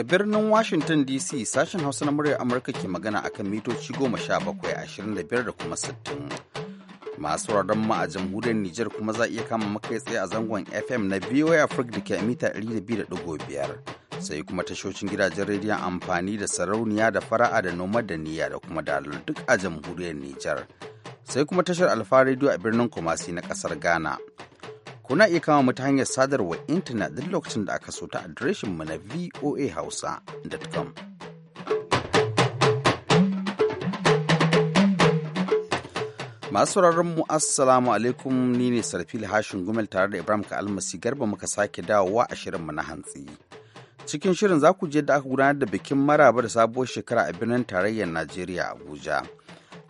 Daga birnin Washington DC sashen Hausa na muryar Amurka ke magana akan mitoci goma sha bakwai ashirin da kuma sittin. Masu raron mu a jamhuriyar Nijar kuma za iya kama makai tsaye a zangon FM na VOA Africa da ke mita 200.5 sai kuma tashocin gidajen rediyon amfani da sarauniya da fara'a da noma da niyya da kuma dalar duk a jamhuriyar Nijar. Sai kuma tashar Alfa Radio a birnin Kumasi na kasar Ghana. Kuna iya kama mu ta hanyar sadarwar intanet duk lokacin da aka so ta adireshin mu na voahausa.com. Masu mu Assalamu alaikum ni ne Sarfil Hashin Gumel tare da Ibrahim ka Almasi Garba muka sake dawowa a shirinmu na hantsi. Cikin shirin za ku je da aka gudanar da bikin maraba da sabuwar shekara a birnin tarayyar Najeriya Abuja.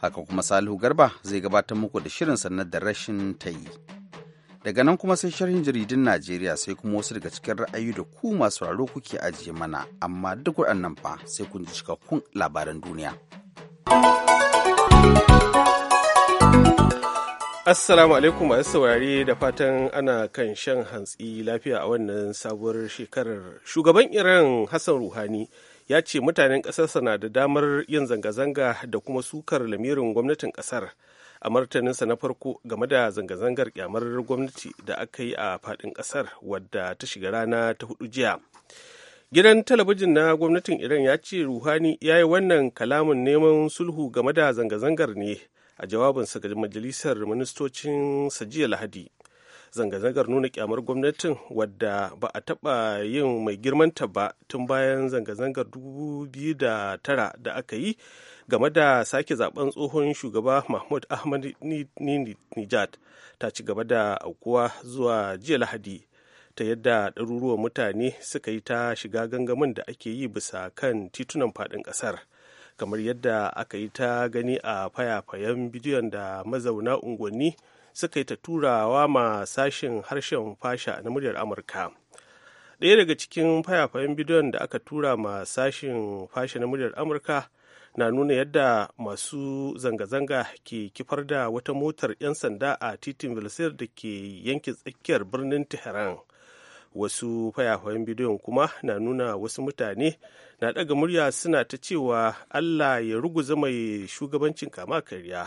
Haka kuma Salihu Garba zai gabatar muku da shirin sannan da rashin ta yi. Daga nan kuma sai sharhin jaridun Najeriya sai kuma wasu daga cikin ra'ayi da ku masu raro kuke ajiye mana, amma duk waɗannan fa sai kun ji cikakkun labaran duniya. Assalamu alaikum masu saurare da fatan ana kan shan hantsi lafiya a wannan sabuwar shekarar. Shugaban Iran Hassan Ruhani ya ce mutanen ƙasarsa na da damar yin zanga-zanga da kuma sukar lamirin gwamnatin ƙasar. a martaninsa na farko game da zanga-zangar kyamar gwamnati da aka yi a faɗin ƙasar wadda ta shiga rana ta hudu jiya gidan talabijin na gwamnatin iran ya ce ruhani ya yi wannan kalamin neman sulhu game da zanga-zangar ne a jawabinsa ga majalisar ministocin jiya lahadi zanga-zangar nuna kyamar gwamnatin wadda ba a taɓa yin mai girmanta ba tun bayan zanga-zangar 2009 da aka yi game da sake zaben tsohon shugaba mahmud ahmad nijat ta ci gaba da aukuwa zuwa jiya lahadi ta yadda ɗaruruwan mutane suka yi ta shiga gangamin da ake yi bisa kan titunan faɗin ƙasar kamar yadda aka yi ta gani a fayafayen bidiyon da mazauna unguwanni suka yi ta turawa ma sashen harshen fasha na muryar amurka ɗaya daga cikin fayafayen bidiyon da aka tura ma sashen fasha na muryar amurka na nuna yadda masu zanga-zanga ke kifar da wata motar 'yan sanda a titin Vilsir da ke yankin tsakiyar birnin Tehran. Wasu fayafayen bidiyon kuma na nuna wasu mutane na daga murya suna ta cewa Allah ya ruguza mai shugabancin kama karya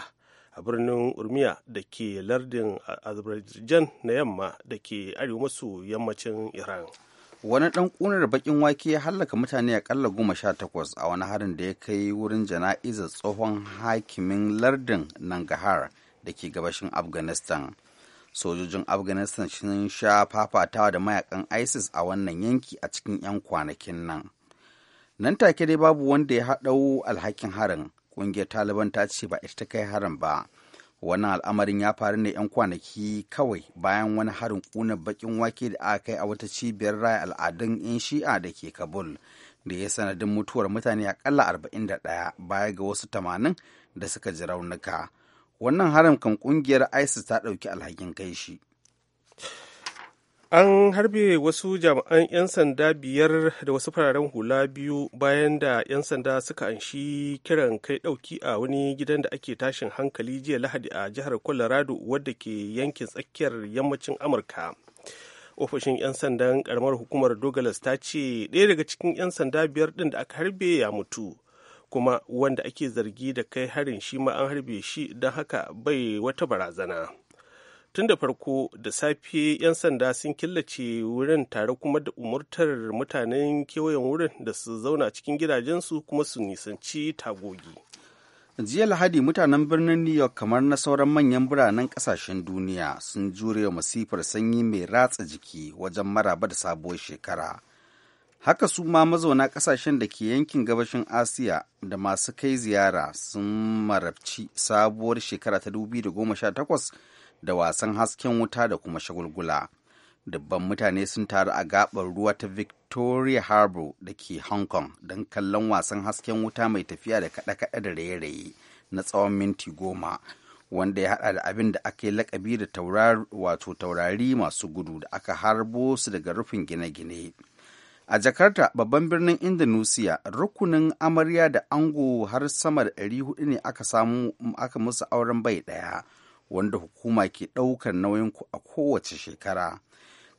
a birnin Urmiya da ke lardin Azerbaijan na yamma da ke arewa maso yammacin Iran. wani ɗan ƙunar bakin wake ya hallaka mutane akalla goma sha takwas a wani harin da ya kai wurin jana'izar tsohon hakimin lardin nangahar da ke gabashin afghanistan sojojin afghanistan sun sha fafatawa da mayakan isis a wannan yanki a cikin 'yan kwanakin nan nan take dai babu wanda ya haɗau alhakin harin ƙungiyar taliban ta ce ba ita ta kai harin ba wannan al'amarin ya faru ne 'yan kwanaki kawai bayan wani harin kuna bakin wake da aka kai a wata cibiyar raya al'adun 'yan shi'a da ke kabul da ya sanadin mutuwar mutane akalla 41 baya ga wasu 80 da suka ji raunuka wannan harin kan kungiyar isis ta dauki alhakin kai shi an harbe wasu jami'an 'yan sanda biyar da wasu fararen hula biyu bayan da 'yan sanda suka anshi kiran kai ɗauki a wani gidan da ake tashin hankali jiya lahadi a jihar colorado wadda ke yankin tsakiyar yammacin amurka ofishin 'yan sandan karamar hukumar douglas ta ce ɗaya daga cikin 'yan sanda biyar ɗin da aka harbe ya mutu kuma wanda ake zargi da kai harin shi ma an harbe shi don haka bai wata barazana. tun da farko da safe 'yan sanda sun killace wurin tare kuma da umurtar mutanen kewayen wurin da su zauna cikin gidajensu kuma su nisanci tagogi jiya lahadi mutanen birnin new york kamar na sauran manyan biranen kasashen duniya sun jure masifar sanyi mai ratsa jiki wajen maraba da sabuwar shekara haka su ma mazauna kasashen da ke yankin gabashin asiya da masu kai ziyara sun marabci sabuwar shekara ta 2018 da wasan hasken wuta da kuma shagulgula. Dubban mutane sun taru a gabar ruwa ta Victoria Harbour da ke Hong Kong don kallon wasan hasken wuta mai tafiya da kaɗe-kaɗe da raye-raye na tsawon minti goma. wanda ya haɗa da abin da aka yi lakabi da wato taurari masu gudu da aka harbo su daga rufin gine-gine. A Jakarta, babban birnin Indonesia, rukunin amarya da ango har sama da 400 ne aka samu aka musu auren bai ɗaya, wanda hukuma ke ɗaukar nauyin a kowace shekara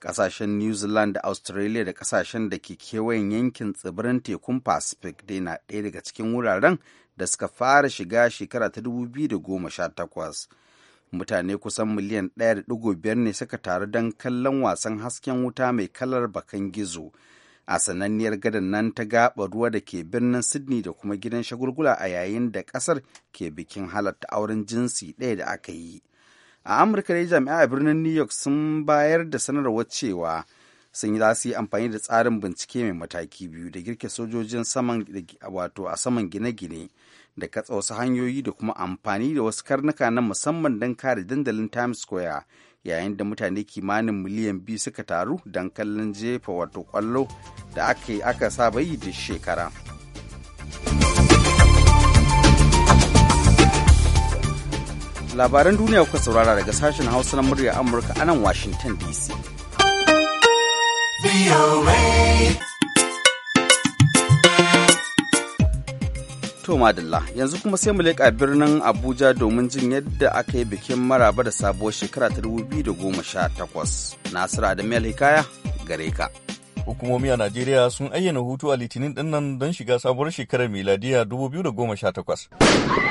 ƙasashen new zealand da australia da ƙasashen da ke kewayen yankin tsibirin tekun pacific dai na ɗaya daga cikin wuraren da suka fara shiga shekara ta 2018 mutane kusan miliyan 1.5 ne suka taru don kallon wasan hasken wuta mai kalar bakan gizo a sananniyar gadan nan ta gaba ruwa da ke birnin sydney da kuma gidan shagulgula a yayin da kasar ke bikin halatta auren jinsi ɗaya da aka yi a amurka dai jami'a a birnin new york sun bayar da sanarwar cewa sun yi za su yi amfani da tsarin bincike mai mataki biyu da girke sojojin saman wato a saman gine-gine da katsa wasu hanyoyi da kuma amfani da wasu karnuka na musamman don kare dandalin times square yayin da mutane kimanin miliyan biyu suka taru don kallon jefa wato kwallo da aka yi aka saba yi da shekara labaran duniya kuka saurara daga sashen hausa na murya amurka a nan washington dc To Madalla, yanzu kuma sai mu leƙa birnin Abuja domin jin yadda aka yi bikin maraba da sabuwar shekara ta 2018. Nasiru Adamu Hikaya gare ka. Hukumomi a Najeriya sun ayyana hutu a Litinin ɗinnan don shiga sabuwar shekarar miladiya 2018.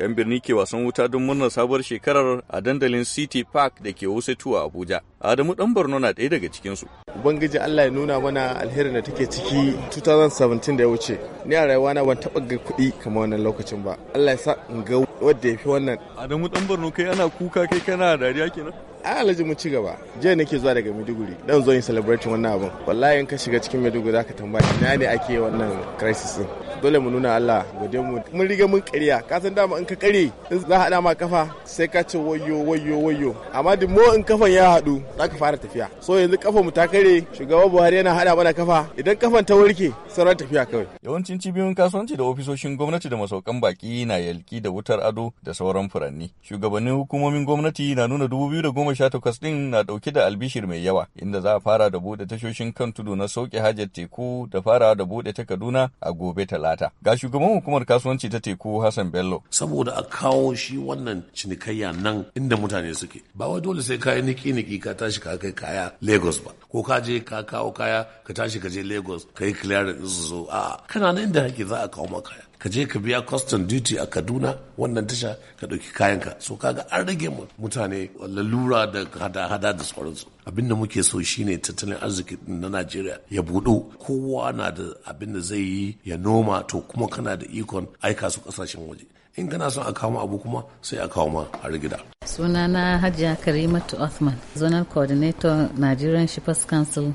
'yan birni ke wasan wuta don murnar sabuwar shekarar a dandalin city park da ke Tuwa abuja adamu dan borno na ɗaya daga cikinsu ubangiji allah ya nuna mana alherin da take ciki 2017 da ya wuce ni a rayuwa na ban taɓa ga kuɗi kamar wannan lokacin ba allah ya sa in ga wadda ya fi wannan adamu dan borno kai ana kuka kai kana dariya kenan a alhaji mu ci gaba jiya nake zuwa daga maiduguri dan zo yin celebrating wannan abin wallahi in ka shiga cikin maiduguri zaka tambaya ina ne ake wannan crisis din dole mu nuna Allah gode mu mun riga mun kariya ka san dama in ka kare in za a ma kafa sai ka ce wayo wayo wayo amma duk mo in kafan ya hadu za ka fara tafiya so yanzu kafan mu ta kare shugaban Buhari yana hada mana kafa idan kafan ta warke sauran tafiya kawai yawancin cibiyoyin kasuwanci da ofisoshin gwamnati da masaukan baki na yalki da wutar ado da sauran furanni shugabannin hukumomin gwamnati na nuna 2018 din na dauke da albishir mai yawa inda za a fara da bude tashoshin kan tudu na sauke hajar teku da fara da bude ta Kaduna a gobe talata Talata. Ga shugaban hukumar kasuwanci ta teku Hassan Bello. Saboda a kawo shi wannan cinikayya nan inda mutane suke. Ba wai dole sai kayi niki-niki ka tashi ka kai kaya Lagos ba. Ko ka je ka kawo kaya ka tashi ka je Lagos ka yi clearance su zo. A'a kana nan inda kake za a kawo maka kaya. ka je ka biya custom duty a kaduna wannan tasha ka ɗauki kayanka so kaga an rage mutane lura da hada-hada da sauransu abin da muke so shine tattalin arziki na najeriya ya buɗo kowa na da abin da zai yi ya noma to kuma kana da ikon aika su ƙasashen waje in kana son a kawo abu kuma sai a kawo ma har gida. sunana hajiya karimatu othman zonal coordinator nigerian shippers council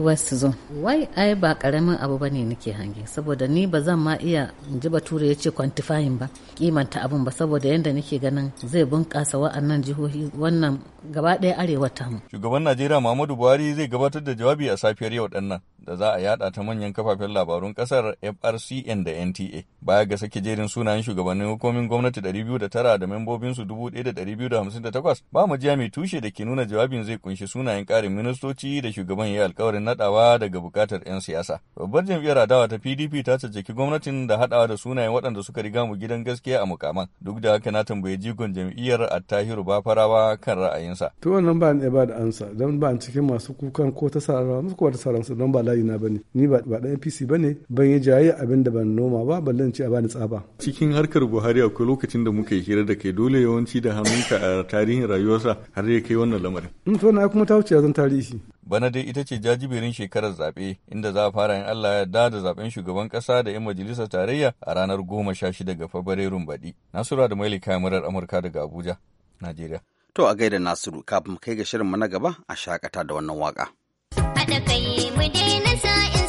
west zone wai ai ba karamin abu ba ne nake hange saboda ni ba zan ma iya ji bature ya ce kwantifayin ba kimanta abun ba saboda yadda nake ganin zai bunkasa wa'annan jihohi wannan gaba daya arewa tamu shugaban najeriya muhammadu buhari zai gabatar da jawabi a safiyar yau ɗannan. da za a yada ta manyan kafafen labarun kasar FRCN da NTA. Baya ga sake jerin sunayen shugabannin hukumomin gwamnati 209 da membobinsu 1258 ba mu jiya mai tushe da ke nuna jawabin zai kunshi sunayen karin ministoci da shugaban ya alkawarin nadawa daga bukatar 'yan siyasa. Babbar jam'iyyar adawa ta PDP ta caccaki gwamnatin da hadawa da sunayen waɗanda suka riga mu gidan gaskiya a mukaman. Duk da haka na tambayi jigon jam'iyyar Attahiru Bafarawa kan ra'ayinsa. To wannan ba ni ba da ansa don ba cikin masu kukan ko ta sarara musu ta don ba layi tsari na bane ni ba dan APC bane ban yi jaye abin da ban noma ba ballan ce a bani tsaba cikin harkar Buhari akwai lokacin da muka yi hira da kai dole yawanci da hannunka a tarihin rayuwarsa har ya kai wannan lamarin in mm, to na kuma ta wuce zan tarihi bana dai ita ce jajiberin shekarar zaɓe inda za a fara in Allah ya yarda da zaɓen shugaban ƙasa da 'yan majalisa tarayya a ranar goma sha shida ga Fabrairun baɗi. Nasura da Maili kamarar Amurka daga Abuja, Najeriya. To a gaida Nasiru kafin kai ga shirinmu na gaba a shakata da wannan waka. haɗa kai mu daina sa'in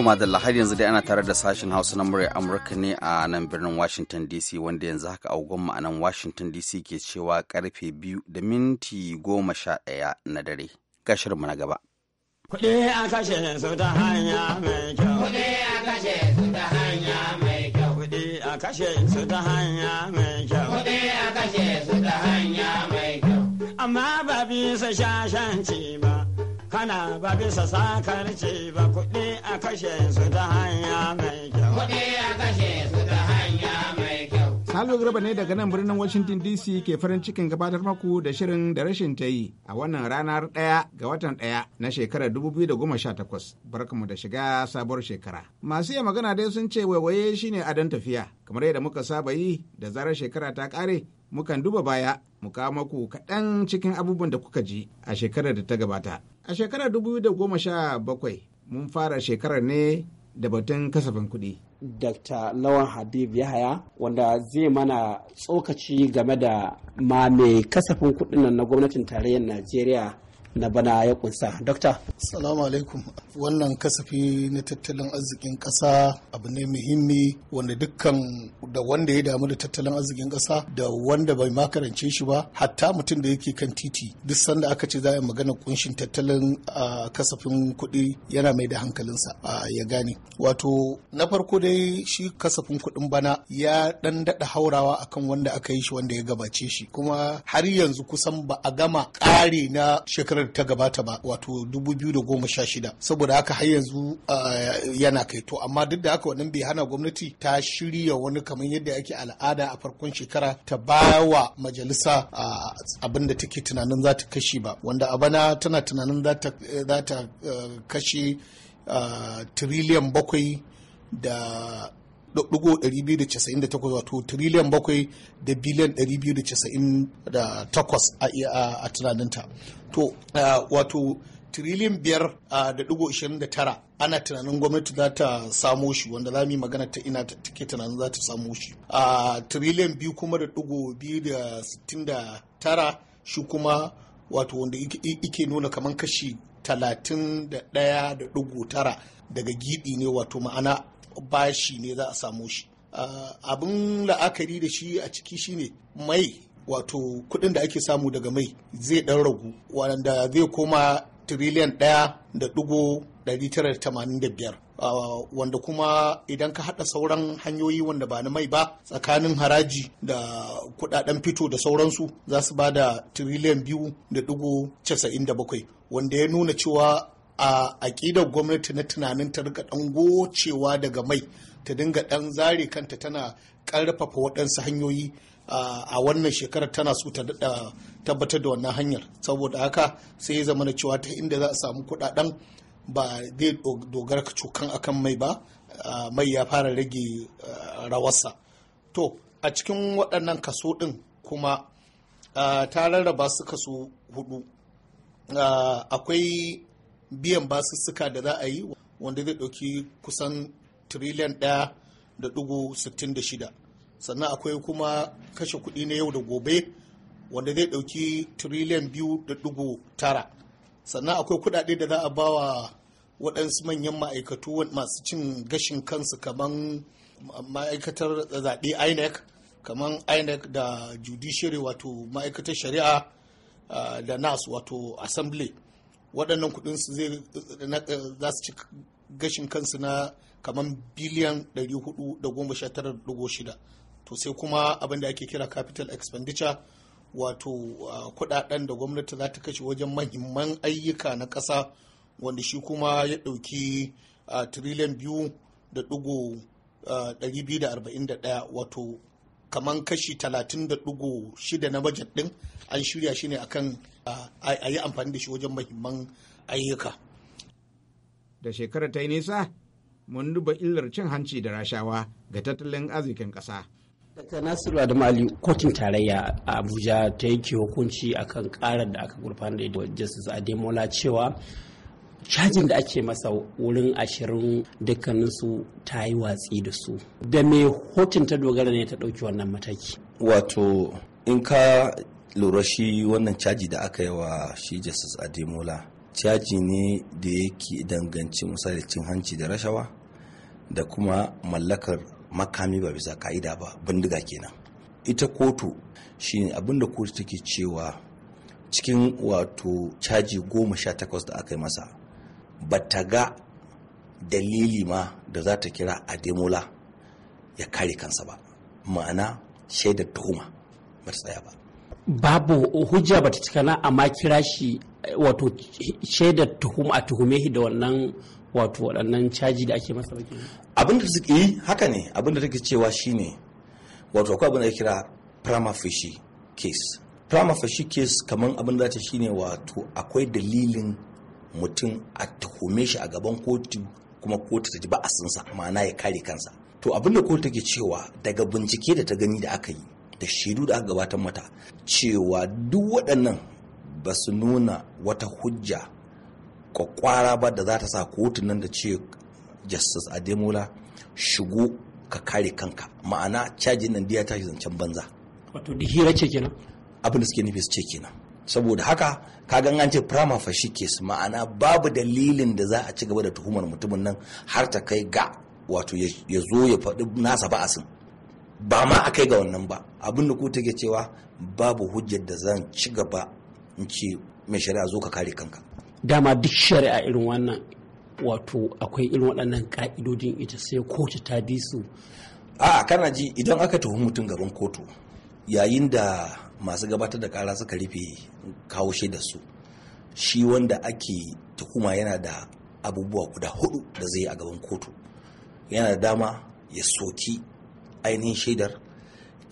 To madalla har yanzu dai ana tare da sashen Hausa na murya Amurka ne a nan birnin Washington DC wanda yanzu haka agogon mu a nan Washington DC ke cewa karfe biyu da minti goma sha ɗaya na dare. Gashirin mu na gaba. Kuɗi a kashe su ta hanya mai kyau. Kuɗi a kashe su ta hanya mai kyau. Kuɗi a kashe su ta hanya mai kyau. Kuɗi a kashe su ta hanya mai kyau. Amma ba bisa shashanci ba. kana ba bisa sakarci ba kuɗi a kashe su ta hanya mai kyau. Kuɗi a kashe su ta Salo Garba ne daga nan birnin Washington DC ke farin cikin gabatar maku da shirin da rashin ta yi a wannan ranar ɗaya ga watan ɗaya na shekarar 2018 barkamu da shiga sabuwar shekara. Masu iya magana dai sun ce waiwaye shine adon tafiya kamar yadda muka saba yi da zarar shekara ta ƙare mukan duba baya mu kawo maku kaɗan cikin abubuwan da kuka ji a shekarar da ta gabata. A shekarar 2017 mun fara shekarar ne da batun kasafin kuɗi. Dr. Lawan Habib Yahaya wanda zai mana tsokaci game da ma mai kasafin kuɗin nan na gwamnatin tarayyar Najeriya na bana ya kunsa dokta salamu alaikum wannan kasafi na tattalin arzikin kasa abu ne muhimmi wanda dukkan da wanda ya damu da tattalin arzikin kasa da wanda bai makarance shi ba hatta mutum da yake kan titi duk sanda aka ce za a yi magana kunshin tattalin kasafin kuɗi yana mai da hankalinsa ya gane wato na farko dai shi kasafin kuɗin bana ya ɗan daɗa haurawa akan wanda aka yi shi wanda ya gabace shi kuma har yanzu kusan ba a gama ƙari na shekarar shekarar ta gabata ba wato 2016 saboda haka har yanzu yana kai to amma duk da haka wannan bai hana gwamnati ta shirya wani kamar yadda ake al'ada a farkon shekara ta bawa majalisa abin da take tunanin za ta kashe ba wanda a bana tana tunanin za ta eh, kashe eh, tiriliyan bakwai da 298 wato triliyan bakwai da biliyan 298 a tunaninta to wato tiriliyan biyar da digo ishirin da tara ana tunanin gwamnati za ta samo shi wanda za mu yi magana ta ina take tunanin za ta samo shi a tiriliyan biyu kuma da digo biyu da sittin da tara shi kuma wato wanda ike nuna kaman kashi talatin da ɗaya da digo tara daga gidi ne wato ma'ana bashi ne za a samu shi abin la'akari da shi a ciki shine mai wato kuɗin da ake samu daga mai zai ɗan ragu wanda zai koma tiriliyan ɗaya da ɗigo wanda kuma idan ka hada sauran hanyoyi wanda ba na mai ba tsakanin haraji da kudaden fito da sauransu za su ba da tiriliyan biyu da dugu casa'in wanda ya nuna cewa a aƙidar gwamnati na tunanin ta rika ɗan gocewa daga mai ta dinga ɗan zare kanta tana ƙarfafa waɗansu hanyoyi a wannan shekarar tana so ta tabbatar da wannan hanyar saboda haka sai ya zama da cewa ta inda za a samu kuɗaɗen ba zai dogara cokan akan mai ba mai ya fara rage rawarsa to a cikin waɗannan kaso ɗin kuma ta rarraba su kaso hudu akwai biyan basussuka da za a yi wanda zai ɗauki kusan tiriliyan ɗaya da ɗugu sittin da shida sannan akwai kuma kashe kuɗi na yau da gobe wanda zai ɗauki tiriliyan biyu da ɗugu tara sannan akwai kuɗaɗe da za a bawa waɗansu manyan ma'aikatu masu cin gashin kansu kamar ma'aikatar zaɓe inec kamar inec da judiciary wato ma'aikatar shari'a ah, da nas wato assembly waɗannan kuɗin su zai za su ci gashin kansu na kamar biliyan 419.6 to sai kuma abin da ake kira capital expenditure wato kuɗaɗen da gwamnati za ta kashe wajen mahimman ayyuka na ƙasa wanda shi kuma ya ɗauki triliyan biyu da ɗigo wato kamar kashi 30.6 na bajet ɗin an shirya shi ne akan a yi amfani da shi wajen mahimman ayyuka. Da shekarar ta yi nisa, mun duba illar cin hanci da rashawa ga tattalin arzikin ƙasa. Dr. Nasiru Adamu Ali kotun tarayya a Abuja ta yanke hukunci akan karar da aka gurfana da Justice Ademola cewa cajin da ake masa wurin ashirin dukkaninsu ta yi watsi da su. Da me hotun ta dogara ne ta ɗauki wannan mataki? Wato in ka lura shi wannan caji da aka yi wa shi justice ademola caji ne da yake danganci misali cin hanci da rashawa da kuma mallakar makami ba bisa ka'ida ba bindiga kenan ita kotu shi abinda kotu take cewa cikin wato caji goma sha takwas da aka yi masa ba ta ga dalili ma da za ta kira ademola ya kare kansa ba ma'ana shaidar tuhuma ba ta tsaya ba babu hujja ta cika na amma kira shi wato shaidar tuhum a tuhume shi da wannan wato waɗannan caji da ake masa baki abin da suke yi haka ne abin da take cewa shine wato akwai abin da kira prima facie case prima facie case kamar abin da ta shine wato akwai dalilin mutum a tuhume shi a gaban kotu kuma kotu ta ji sansa ma'ana ya kare kansa to abin da kotu take cewa daga bincike da ta gani da aka yi da shaidu da aka gabatar mata cewa duk waɗannan ba su nuna wata hujja kwakwara ba da za ta sa kotun nan da ce justice ademola shigo ka kare kanka ma'ana cajin nan ya tashi zancen banza wato da hira ce kenan abin da suke nufi ce kenan saboda haka ka an ce prima fashi case ma'ana babu dalilin da za a ci gaba da tuhumar mutumin nan har ta kai ga wato ya zo ya faɗi nasa ba'asin ba ma a kai ga wannan ba abin da ku take cewa babu hujjar da zan ci gaba in ce mai shari'a zo ka kare kanka dama duk shari'a irin wannan wato akwai irin waɗannan ƙa'idodin ita sai kotu ta bi su a kana ji idan aka tuhumi mutum gaban kotu yayin da masu gabatar da kara suka rufe kawo da su shi wanda ake tuhuma yana da abubuwa guda hudu da zai a gaban kotu yana da dama ya soki ainihin shaidar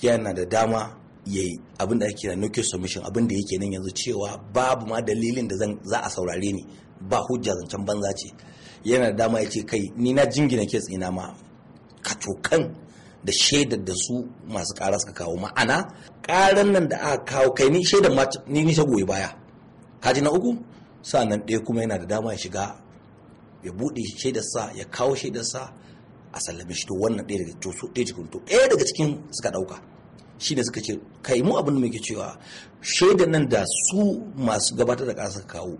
yana da dama ya yi abin da ake na nuclear submission abin yake nan yanzu cewa babu ma dalilin da za a saurare ni ba hujja zancen banza ce yana da dama ya ce kai ni na jingina ke tsina ma kacokan da shaidar da su masu kara suka kawo ma'ana karan nan da aka kawo kai ni shaidar ma ni ni goyi baya kaji na uku sa'annan ɗaya kuma yana da dama ya shiga ya buɗe shaidarsa ya kawo shaidarsa a sallame shi to wannan ɗaya daga to ɗaya cikin to ɗaya daga cikin suka ɗauka shine suka ce kai mu abin da muke cewa shaidan nan da su masu gabatar da ƙasa suka kawo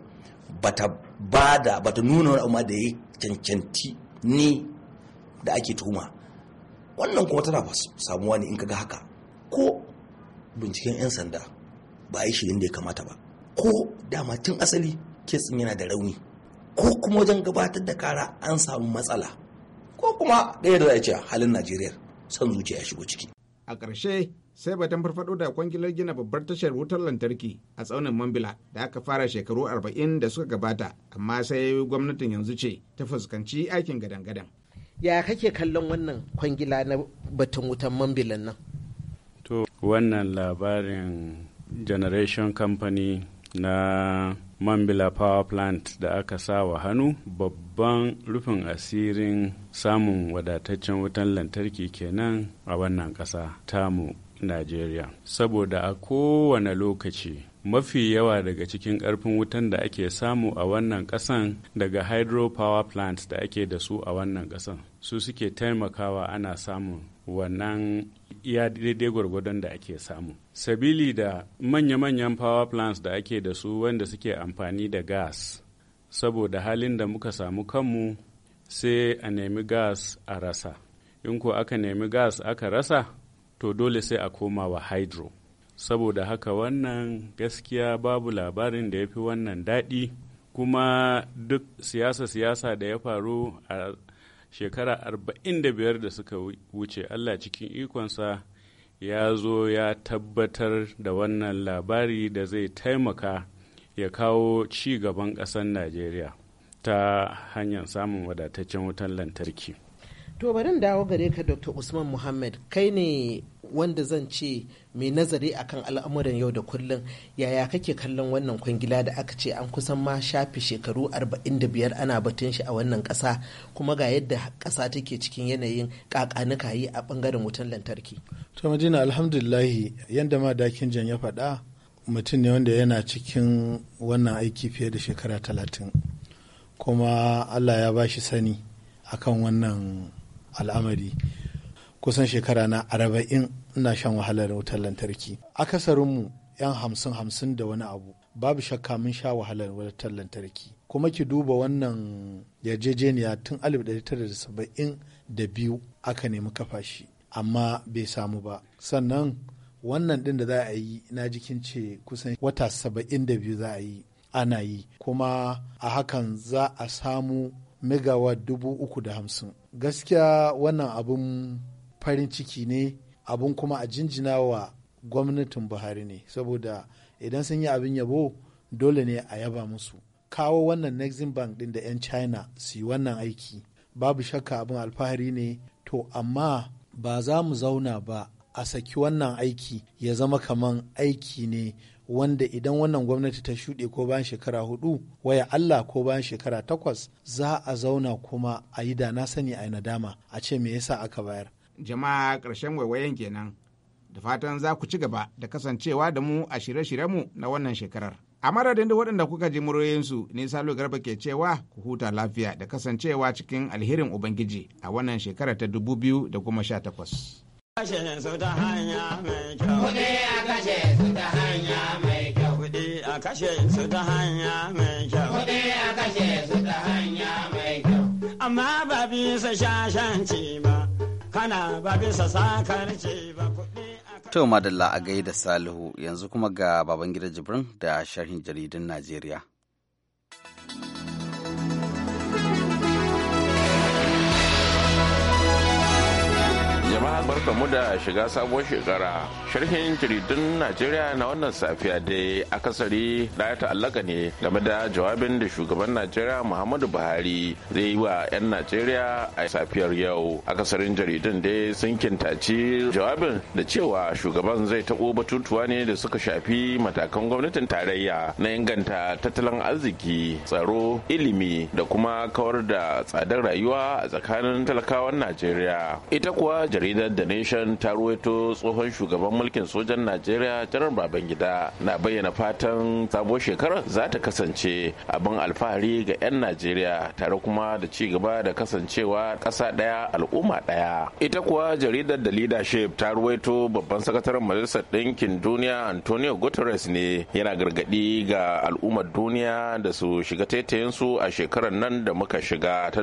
bata bada bata nuna wani amma da ya cancanci ni da ake tuhuma wannan kuma tana samuwa ne in ka ga haka ko binciken 'yan sanda ba a yi shirin da ya kamata ba ko dama tun asali kesin yana da rauni ko kuma wajen gabatar da kara an samu matsala ko kuma ɗaya da za a ce halin najeriya son zuciya ya shigo ciki a ƙarshe sai batun farfado da kwangilar gina babbar tashar wutar lantarki a tsaunin mambila da aka fara shekaru arba'in da suka gabata amma sai gwamnatin yanzu ce ta fuskanci aikin gadan-gadan ya kake kallon wannan kwangila na batun wutar mambilan nan to wannan labarin generation company na mambila power plant da aka sa wa hannu babban rufin asirin samun wadataccen wutan lantarki kenan a wannan ƙasa mu najeriya saboda a kowane lokaci mafi yawa daga cikin ƙarfin wutan da ake samu a wannan ƙasan daga hydropower plants da ake da su a wannan ƙasan su suke taimakawa ana samun wannan iya daidai gwargwadon da ake samu sabili da manya-manyan power plants da ake da su wanda suke amfani da gas saboda halin da muka samu kanmu sai a nemi gas a rasa in ko aka nemi gas aka rasa to dole sai a koma wa hydro saboda haka wannan gaskiya babu labarin da ya fi wannan daɗi kuma duk siyasa-siyasa da ya faru a shekara arba'in da biyar da suka wuce allah cikin ikonsa ya zo ya tabbatar da wannan labari da zai taimaka ya kawo ci gaban ƙasar najeriya ta hanyar samun wadataccen wutan lantarki To bari dawo gare ka Dr. Usman Muhammad kai ne wanda zan ce mai nazari akan al'amuran yau da kullum yaya kake kallon wannan kwangila da aka ce an kusan ma shafi shekaru 45 ana batun shi a wannan ƙasa kuma ga yadda ƙasa take cikin yanayin kakanuka yi a ɓangaren wutan lantarki. To Madina alhamdulillahi yadda ma dakin jan ya faɗa mutum ne wanda yana cikin wannan aiki fiye da shekara talatin kuma Allah ya ba shi sani akan wannan al'amari kusan shekara na arba'in ina shan wahalar wutar lantarki akasarinmu yan hamsin hamsin da wani abu babu shakka mun sha wahalar wutar lantarki kuma ki duba wannan yarjejeniya tun 1972 aka nemi kafa shi amma bai samu ba sannan wannan din da za a yi na jikin ce kusan wata 72 za a yi ana yi kuma a hakan za a samu megawatt dubu uku da hamsin gaskiya wannan abun farin ciki ne abun kuma a jinjina wa gwamnatin buhari ne saboda idan sun yi abin yabo dole ne a yaba musu kawo wannan nexin bank din da 'yan china su yi wannan aiki babu shakka abin alfahari ne to amma ba za mu zauna ba a saki wannan aiki ya zama kaman aiki ne wanda idan wannan gwamnati ta shuɗe ko bayan shekara hudu waya Allah ko bayan shekara takwas za a zauna kuma a yi da na sani a nadama a ce me yasa aka bayar. Jama'a ƙarshen waiwayen kenan da fatan za ku ci gaba da kasancewa da mu a shirye mu na wannan shekarar. A maradin da waɗanda kuka ji muryoyinsu ne Salo Garba ke cewa ku huta lafiya da kasancewa cikin alherin Ubangiji a wannan shekarar ta dubu biyu da goma sha takwas. kashe su ta hanya mai kyau. Kuɗi a kashe su ta hanya mai kyau. Kuɗi a kashe su ta hanya mai kyau. Kuɗi a kashe su ta hanya mai kyau. Amma ba bisa shashanci ba, kana ba bisa sakarci ba kuɗi. To madalla a gaida Salihu yanzu kuma ga Babangida Jibrin da sharhin jaridun Najeriya. barka barkamu da shiga sabuwar shekara. Sharhin jaridun Najeriya na wannan safiya dai akasari da ya ta'allaka ne game da jawabin da shugaban Najeriya Muhammadu Buhari zai yi wa 'yan Najeriya a safiyar yau. Akasarin jaridun dai sun kintaci jawabin da cewa shugaban zai taɓo batutuwa ne da suka shafi matakan gwamnatin tarayya na inganta tattalin arziki, tsaro, ilimi da kuma kawar da tsadar rayuwa a tsakanin talakawan Najeriya. Ita kuwa jaridar jaridar da nation ta ruwaito tsohon shugaban mulkin sojan najeriya janar babangida na bayyana fatan sabo shekarar za ta kasance abin alfahari ga 'yan najeriya tare kuma da ci gaba da kasancewa ƙasa ɗaya al'umma ɗaya ita kuwa jaridar da leadership ta ruwaito babban sakataren majalisar ɗinkin duniya antonio guterres ne yana gargaɗi ga al'ummar duniya da su shiga taitayensu a shekarar nan da muka shiga ta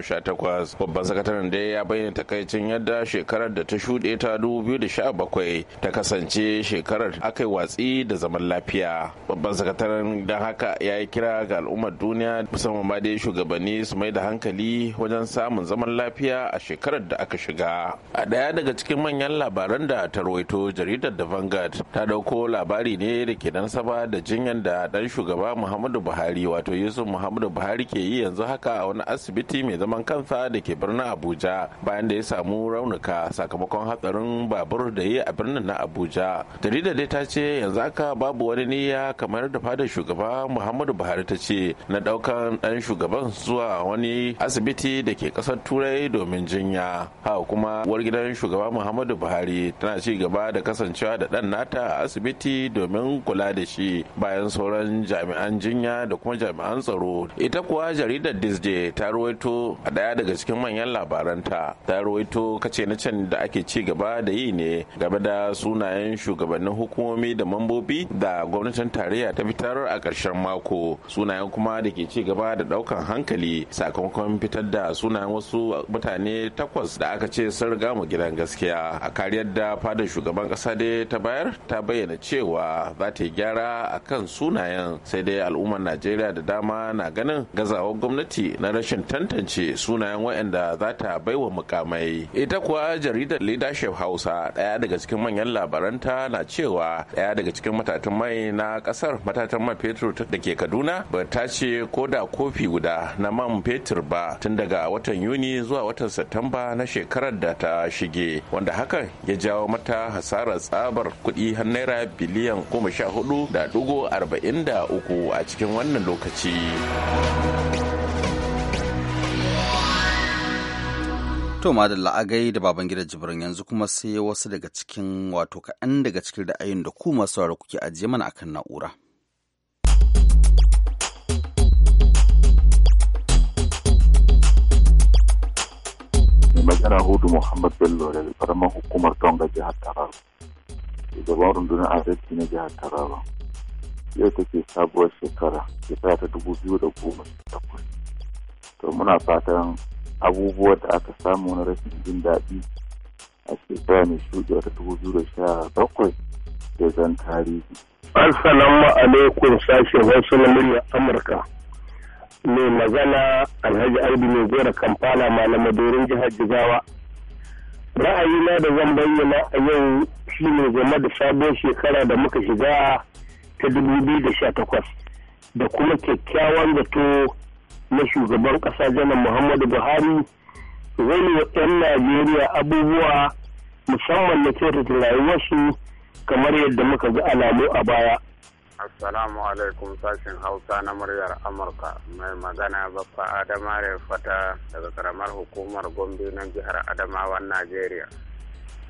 sha 2018 babban sakataren da ya bayyana takaicin yadda shekarar da ta shuɗe ta 2017 ta kasance shekarar aka yi watsi da zaman lafiya babban sakataren don haka ya yi kira ga al'ummar duniya musamman ma dai shugabanni su mai da hankali wajen samun zaman lafiya a shekarar da aka shiga a ɗaya daga cikin manyan labaran da ta rawaito jaridar da vanguard ta ɗauko labari ne da ke saba da jinyar da ɗan shugaba muhammadu buhari wato yusuf muhammadu buhari ke yi yanzu haka a wani asibiti mai zaman kansa da ke birnin abuja bayan da ya samu raunin amurka sakamakon hatsarin babur da yi a birnin na abuja jarida dai ta ce yanzu aka babu wani niyya kamar da fadar shugaba muhammadu buhari ta ce na daukan dan shugaban zuwa wani asibiti da ke kasar turai domin jinya ha kuma uwar gidan shugaba muhammadu buhari tana ci gaba da kasancewa da dan nata a asibiti domin kula da shi bayan sauran jami'an jinya da kuma jami'an tsaro ita kuwa jaridar disney ta ruwaito a daya daga cikin manyan labaranta ta ruwaito kace na can da ake ci gaba da yi ne game da sunayen shugabannin hukumomi da mambobi da gwamnatin tarayya ta fitar a ƙarshen mako sunayen kuma da ke ci gaba da ɗaukan hankali sakamakon fitar da sunayen wasu mutane takwas da aka ce sun riga mu gidan gaskiya a kariyar da fadar shugaban ƙasa dai ta bayar ta bayyana cewa za ta yi gyara a kan sunayen sai dai al'ummar najeriya da dama na ganin gazawar gwamnati na rashin tantance sunayen waɗanda za ta baiwa mukamai ita kuwa kuwa jaridar leadership hausa daya daga cikin manyan labaranta na cewa daya daga cikin matatan mai na kasar matatan man fetur da ke kaduna ba ta ce ko da kofi guda na man fetur ba tun daga watan yuni zuwa watan satamba na shekarar da ta shige wanda hakan ya jawo mata hasarar tsabar kuɗi har naira biliyan goma sha hudu da dugo arba'in da uku a cikin wannan lokaci. To madalla a gai da baban gida jibrin yanzu kuma sai wasu daga cikin wato kaɗan daga cikin ra'ayin da ku masu sauraro kuke ajiye mana akan na'ura. magana hudu muhammad bello da karamar hukumar tonga jihar taraba shugaban rundunar adalci na jihar taraba yau take sabuwar shekara shekara ta dubu biyu da goma takwas to muna fatan abubuwa da aka samu na rashin jin daɗi a shekara mai shuɗewa ta dubu biyu da sha bakwai da zan tarihi. Assalamu alaikum sashen wasu na murya Amurka. Mai magana Alhaji Albi mai gora Kampala dorin jihar Jigawa. Ra'ayina da zan bayyana a yau shi ne game da sabon shekara da muka shiga ta dubu biyu da sha takwas da kuma kyakkyawan zato na shugaban ƙasa janar muhammadu buhari wani wa 'yan najeriya abubuwa musamman na kyautata rayuwarsu kamar yadda muka ga alamu a baya Assalamu alaikum sashen Hausa na muryar Amurka mai magana bafa Adama fata daga karamar hukumar Gombe na jihar Adamawan Najeriya.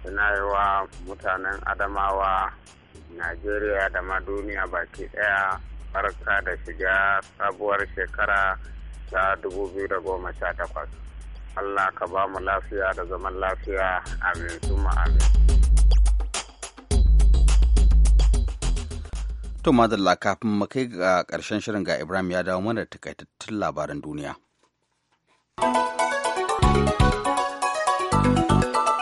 Suna yi wa mutanen Adamawa Najeriya da ma duniya baki ɗaya barka da shiga sabuwar shekara ta takwas, allah ka ba mu lafiya da zaman lafiya amin suma amin to madalla kafin mu ga ƙarshen shirin ga ibrahim ya dawo mana da takaitattun labaran duniya.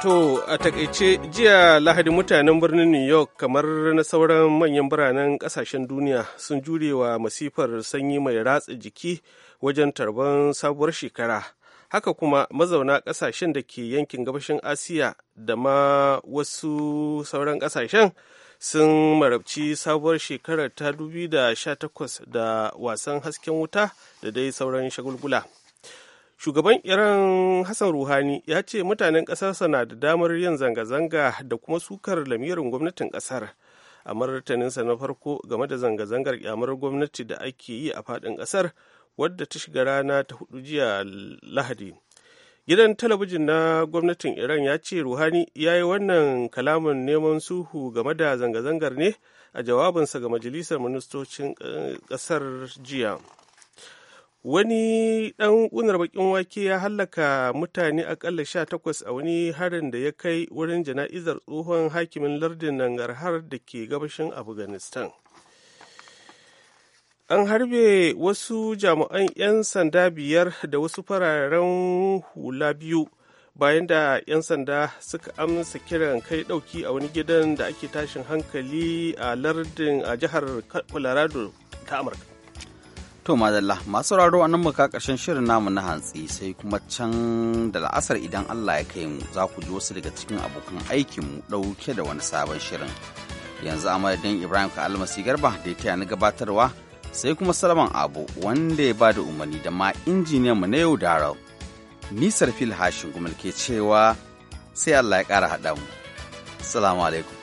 To, a takaice jiya lahadi mutanen birnin New York kamar na sauran manyan biranen kasashen duniya sun jure wa masifar sanyi mai ratsa jiki wajen tarban sabuwar shekara. Haka kuma mazauna kasashen da ke yankin gabashin Asiya da ma wasu sauran kasashen sun marabci sabuwar shekarar ta 2018 da wasan hasken wuta da dai sauran shagulgula. shugaban iran hassan ruhani ya ce mutanen ƙasarsa na da damar yin zanga-zanga da kuma sukar lamirin gwamnatin ƙasar a martaninsa na farko game da zanga-zangar kyamar gwamnati da ake yi a faɗin ƙasar wadda ta shiga rana ta hudu jiya lahadi gidan talabijin na gwamnatin iran ya ce ruhani ya yi wannan kalamin neman suhu game da zanga-zangar ne a jawabinsa ga majalisar ministocin eh, ƙasar jiya. wani ɗan ƙunar baƙin wake ya hallaka mutane aƙalla sha takwas a wani harin da ya kai wurin jana'izar tsohon hakimin lardin nangarhar da ke gabashin afghanistan an harbe wasu jami'an 'yan sanda biyar da wasu fararen hula biyu bayan da 'yan sanda suka amsa kiran kai ɗauki a wani gidan da ake tashin hankali a lardin a jihar colorado ta amurka To madalla masu raro a nan muka karshen shirin namu na hantsi sai kuma can da la'asar idan Allah ya kai mu za ku ji wasu daga cikin abokan aikinmu ɗauke da wani sabon shirin. Yanzu a madadin Ibrahim ka almasi garba da ya taya ni gabatarwa sai kuma Salman Abu wanda ya ba da umarni da ma injiniyan mu na yau rau. Nisar fil hashin gumal ke cewa sai Allah ya ƙara haɗa mu. Salamu alaikum.